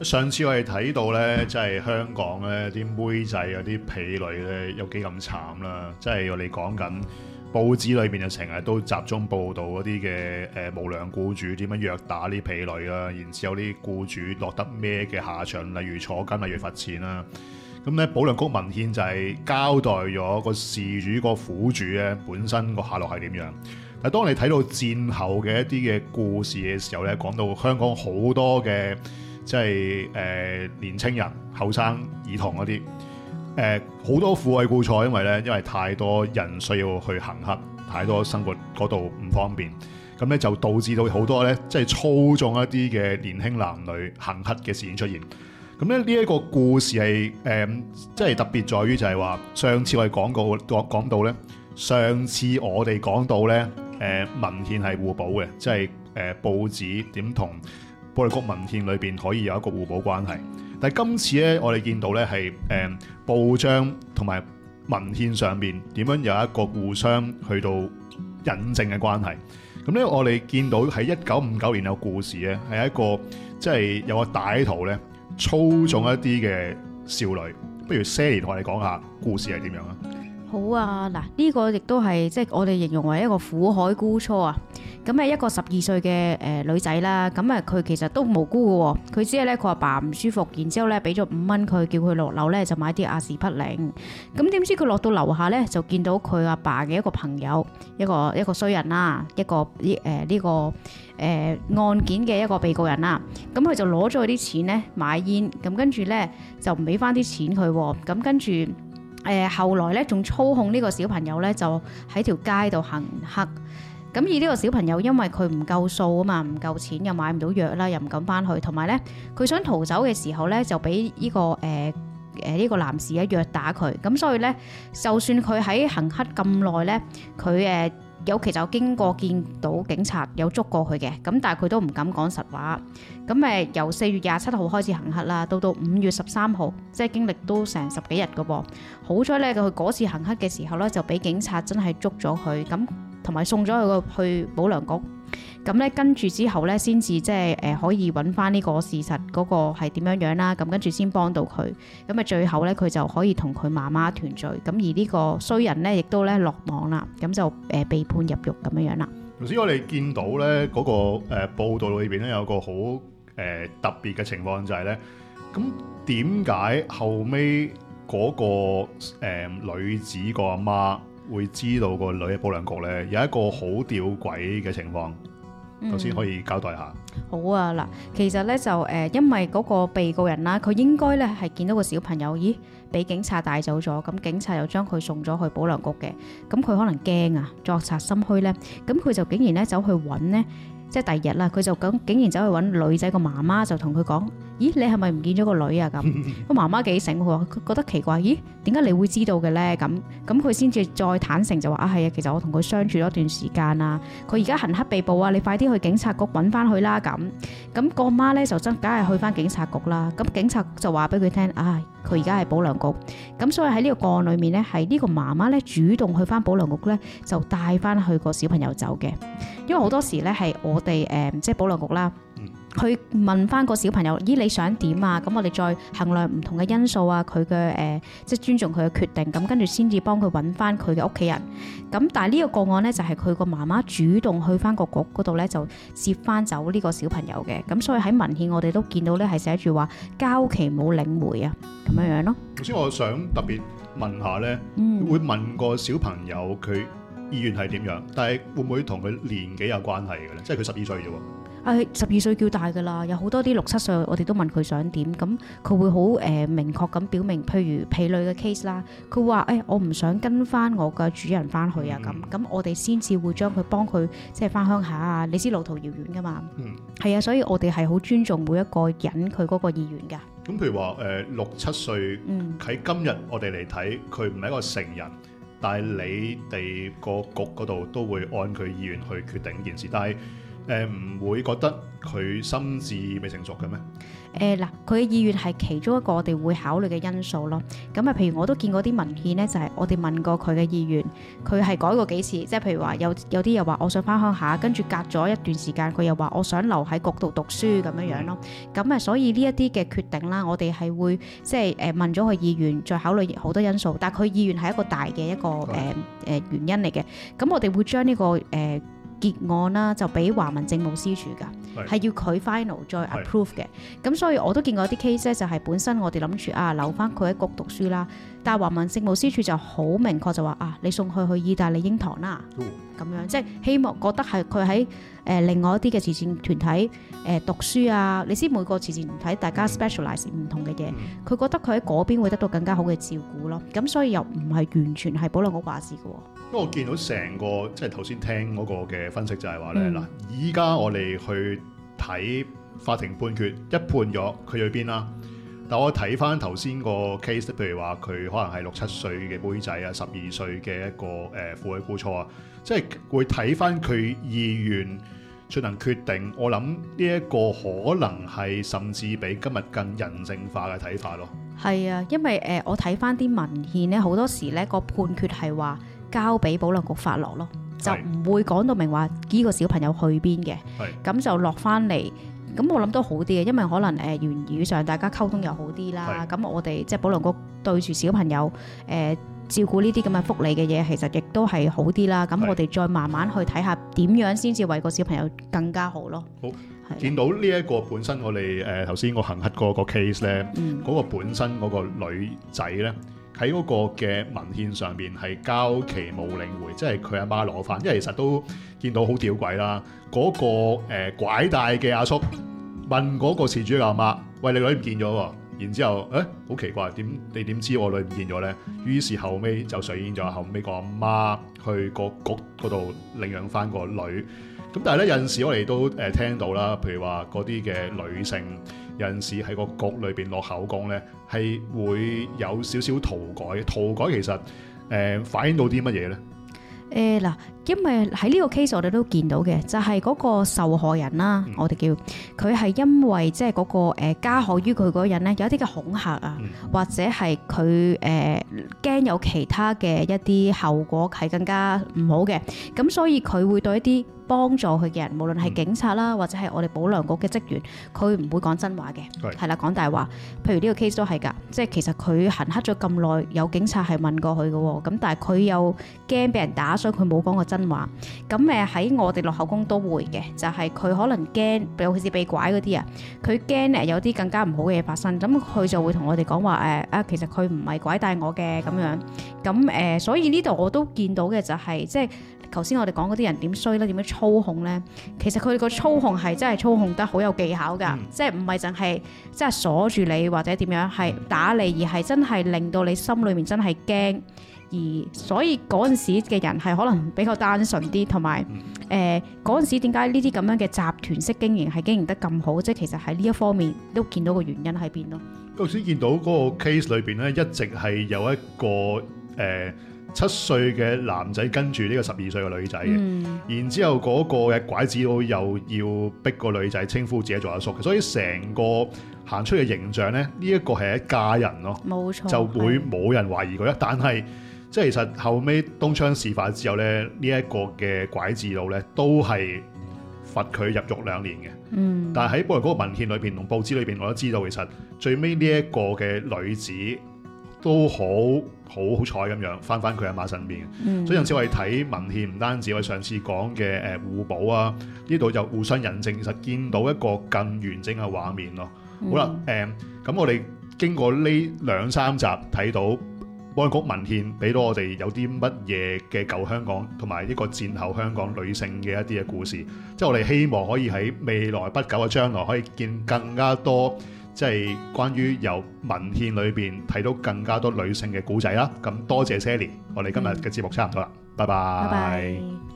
上次我哋睇到咧，即係香港咧啲妹仔嗰啲婢女咧，有幾咁慘啦！即係我哋講緊報紙裏面就成日都集中報導嗰啲嘅無良僱主點樣虐打啲婢女啦，然之後啲僱主落得咩嘅下場，例如坐監、例如罰錢啦。咁咧，保良局文獻就係交代咗個事主、個苦主呢本身個下落係點樣。但係當你睇到戰後嘅一啲嘅故事嘅時候咧，講到香港好多嘅。即係誒、呃、年青人、後生、兒童嗰啲，誒、呃、好多富貴故錯，因為咧，因為太多人需要去行乞，太多生活嗰度唔方便，咁咧就導致到好多咧，即係操縱一啲嘅年輕男女行乞嘅事件出現。咁咧呢一、這個故事係誒、呃，即係特別在於就係話，上次我哋講過講講到咧，上次我哋講到咧，誒、呃、文獻係互補嘅，即係誒、呃、報紙點同。我哋個文獻裏邊可以有一個互補關係，但係今次咧，我哋見到咧係誒，報章同埋文獻上邊點樣有一個互相去到引證嘅關係。咁咧，我哋見到喺一九五九年有故事咧，係一個即係、就是、有個歹徒咧操縱一啲嘅少女。不如 Sally 同我哋講下故事係點樣啊？好啊，嗱，呢、這個亦都係即係我哋形容為一個苦海孤雛啊。咁啊，一個十二歲嘅誒女仔啦，咁啊，佢其實都無辜嘅，佢只係咧佢阿爸唔舒服，然之後咧俾咗五蚊佢，叫佢落樓咧就買啲阿士匹靈。咁點知佢落到樓下咧就見到佢阿爸嘅一個朋友，一個一個衰人啦，一個呢誒呢個誒、呃這個呃、案件嘅一個被告人啦。咁佢就攞咗佢啲錢咧買煙，咁跟住咧就唔俾翻啲錢佢。咁跟住誒後來咧仲操控呢個小朋友咧就喺條街度行黑。咁而呢個小朋友因為佢唔夠數啊嘛，唔夠錢，唔夠錢又買唔到藥啦，又唔敢翻去，同埋咧佢想逃走嘅時候咧，就俾呢、呢個誒誒呢個男士虐打佢。咁所以咧，就算佢喺行乞咁耐咧，佢誒、呃、尤其就經過見到警察有捉過佢嘅，咁但係佢都唔敢講實話。咁誒由四月廿七號開始行乞啦，到到五月十三號，即係經歷都成十幾日嘅噃。好彩咧，佢嗰次行乞嘅時候咧，就俾警察真係捉咗佢。咁同埋送咗佢個去保良局，咁咧跟住之後咧，先至即係誒可以揾翻呢個事實嗰個係點樣樣啦。咁跟住先幫到佢，咁啊最後咧佢就可以同佢媽媽團聚。咁而呢個衰人咧，亦都咧落網啦。咁就誒被判入獄咁樣樣啦。頭先我哋見到咧嗰個誒報道裏邊咧有個好誒特別嘅情況就係咧，咁點解後尾嗰個誒女子個阿媽會知道個女喺保良局呢有一個好吊詭嘅情況。頭、嗯、先可以交代下。好啊，嗱，其實呢，就誒，因為嗰個被告人啦，佢應該呢係見到個小朋友，咦，俾警察帶走咗，咁警察又將佢送咗去保良局嘅，咁佢可能驚啊，作賊心虛呢，咁佢就竟然呢走去揾呢。即係第二日啦，佢就咁竟然走去揾女仔個媽媽，就同佢講：咦，你係咪唔見咗個女啊？咁個媽媽幾醒，佢話佢覺得奇怪，咦，點解你會知道嘅咧？咁咁佢先至再坦誠就話：啊，係啊，其實我同佢相處咗一段時間啦，佢而家行黑被捕啊，你快啲去警察局揾翻佢啦！咁咁個媽咧就真梗係去翻警察局啦，咁警察就話俾佢聽：唉。佢而家係保良局，咁所以喺呢個個案裏面呢，係呢個媽媽咧主動去翻保良局呢，就帶翻佢個小朋友走嘅，因為好多時呢係我哋誒，即係保良局啦。去問翻個小朋友，咦你想點啊？咁我哋再衡量唔同嘅因素啊，佢嘅誒即係尊重佢嘅決定，咁跟住先至幫佢揾翻佢嘅屋企人。咁但係呢個個案呢，就係佢個媽媽主動去翻個局嗰度呢，就接翻走呢個小朋友嘅。咁所以喺文件我哋都見到呢，係寫住話交期冇領回啊，咁樣樣咯。頭先我想特別問一下呢、嗯，會問個小朋友佢意願係點樣，但係會唔會同佢年紀有關係嘅呢？即係佢十二歲啫喎？啊，十二歲叫大噶啦，有好多啲六七歲，我哋都問佢想點，咁佢會好誒明確咁表明，譬如婢女嘅 case 啦，佢話：誒，我唔想跟翻我嘅主人翻去啊咁，咁我哋先至會將佢幫佢即係翻鄉下啊，你知路途遙遠噶嘛，嗯，係啊，所以我哋係好尊重每一個人佢嗰個意願噶。咁譬如話誒六七歲喺今日我哋嚟睇，佢唔係一個成人，但係你哋個局嗰度都會按佢意願去決定件事，但係。誒唔會覺得佢心智未成熟嘅咩？誒、呃、嗱，佢嘅意願係其中一個我哋會考慮嘅因素咯。咁啊，譬如我都見過啲文獻咧，就係我哋問過佢嘅意願，佢係改過幾次。即係譬如話有有啲又話我想翻鄉下，跟住隔咗一段時間，佢又話我想留喺國度讀書咁、嗯、樣樣咯。咁啊，所以呢一啲嘅決定啦，我哋係會即係誒問咗佢意願，再考慮好多因素。但係佢意願係一個大嘅一個誒誒、嗯呃呃呃、原因嚟嘅。咁我哋會將呢、這個誒，呃結案啦，就俾華民政務司署噶，係要佢 final 再 approve 嘅。咁所以我都見過一啲 case 咧，就係本身我哋諗住啊留翻佢喺局讀書啦，但係華民政務司署就好明確就話啊，你送佢去意大利英堂啦，咁樣即係、就是、希望覺得係佢喺。誒、呃、另外一啲嘅慈善團體誒、呃、讀書啊，你知每個慈善團，團體大家 specialize 唔同嘅嘢，佢、嗯嗯、覺得佢喺嗰邊會得到更加好嘅照顧咯。咁所以又唔係完全係保良局話事嘅。因、嗯、為我見到成個即係頭先聽嗰個嘅分析就係話咧嗱，依、嗯、家我哋去睇法庭判決，一判咗佢去邊啦。但我睇翻頭先個 case，譬如話佢可能係六七歲嘅妹仔啊，十二歲嘅一個誒、呃、父愛故錯，即係會睇翻佢意願。進行決定，我諗呢一個可能係甚至比今日更人性化嘅睇法咯。係啊，因為誒、呃、我睇翻啲文獻咧，好多時咧、呢個判決係話交俾保良局發落咯，就唔會講到明話呢個小朋友去邊嘅。係，咁就落翻嚟，咁我諗都好啲嘅，因為可能誒言、呃、語上大家溝通又好啲啦。係，咁我哋即係保良局對住小朋友誒、呃照顧呢啲咁嘅福利嘅嘢，其實亦都係好啲啦。咁我哋再慢慢去睇下點樣先至為個小朋友更加好咯。好，見到呢一個本身我哋誒頭先我行乞過個 case 咧、嗯，嗰、那個本身嗰個女仔咧喺嗰個嘅文獻上邊係交期冇領回，即係佢阿媽攞返。因為其實都見到好吊詭啦，嗰、那個拐帶嘅阿叔問嗰個事主嘅阿媽：喂，你女唔見咗喎？然之後，誒好奇怪，點你點知我女唔見咗咧？於是後尾就上演咗，後尾個阿媽去個局嗰度領養翻個女。咁但係咧，有陣時我哋都誒聽到啦，譬如話嗰啲嘅女性有陣時喺個局裏邊落口供咧，係會有少少塗改。塗改其實、呃、反映到啲乜嘢咧？誒嗱，因為喺呢個 case 我哋都見到嘅，就係嗰個受害人啦，我哋叫佢係因為即係嗰個誒加害於佢嗰個人咧，有一啲嘅恐嚇啊，或者係佢誒驚有其他嘅一啲後果係更加唔好嘅，咁所以佢會對一啲幫助佢嘅人，無論係警察啦，或者係我哋保良局嘅職員，佢唔會講真話嘅，係啦，講大話。譬如呢個 case 都係㗎，即係其實佢行黑咗咁耐，有警察係問過佢嘅喎，咁但係佢又驚俾人打，所以佢冇講過真話。咁誒喺我哋落口供都會嘅，就係、是、佢可能驚，尤其是被拐嗰啲啊，佢驚誒有啲更加唔好嘅嘢發生，咁佢就會同我哋講話誒啊，其實佢唔係拐帶我嘅咁樣。咁誒，所以呢度我都見到嘅就係、是、即係。頭先我哋講嗰啲人點衰咧，點樣操控咧？其實佢個操控係真係操控得好有技巧噶、嗯，即係唔係淨係即係鎖住你或者點樣，係打你，而係真係令到你心裏面真係驚。而所以嗰陣時嘅人係可能比較單純啲，同埋誒嗰陣時點解呢啲咁樣嘅集團式經營係經營得咁好？即係其實喺呢一方面都見到個原因喺邊咯。頭先見到嗰個 case 裏邊咧，一直係有一個誒。呃七歲嘅男仔跟住呢個十二歲嘅女仔嘅、嗯，然之後嗰個嘅拐子佬又要逼個女仔稱呼自己做阿叔嘅，所以成個行出嘅形象咧，呢、這、一個係一家人咯，冇錯，就會冇人懷疑佢啊。是的，但係即係其實後尾東窗事發之後咧，呢、這、一個嘅拐子佬咧都係罰佢入獄兩年嘅。嗯，但係喺保良局嗰個文獻裏邊同報紙裏邊，我都知道其實最尾呢一個嘅女子。都好好好彩咁樣翻翻佢阿媽身邊、嗯，所以有時我哋睇文獻，唔單止我哋上次講嘅誒互補啊，呢度就互相印證，實見到一個更完整嘅畫面咯、嗯。好啦，誒、嗯、咁我哋經過呢兩三集睇到保良局文獻俾到我哋有啲乜嘢嘅舊香港同埋一個戰後香港女性嘅一啲嘅故事，即、就、係、是、我哋希望可以喺未來不久嘅將來可以見更加多。即係關於由文獻裏邊睇到更加多女性嘅故仔啦。咁多謝 Sally，我哋今日嘅節目差唔多啦、嗯，拜拜，拜拜。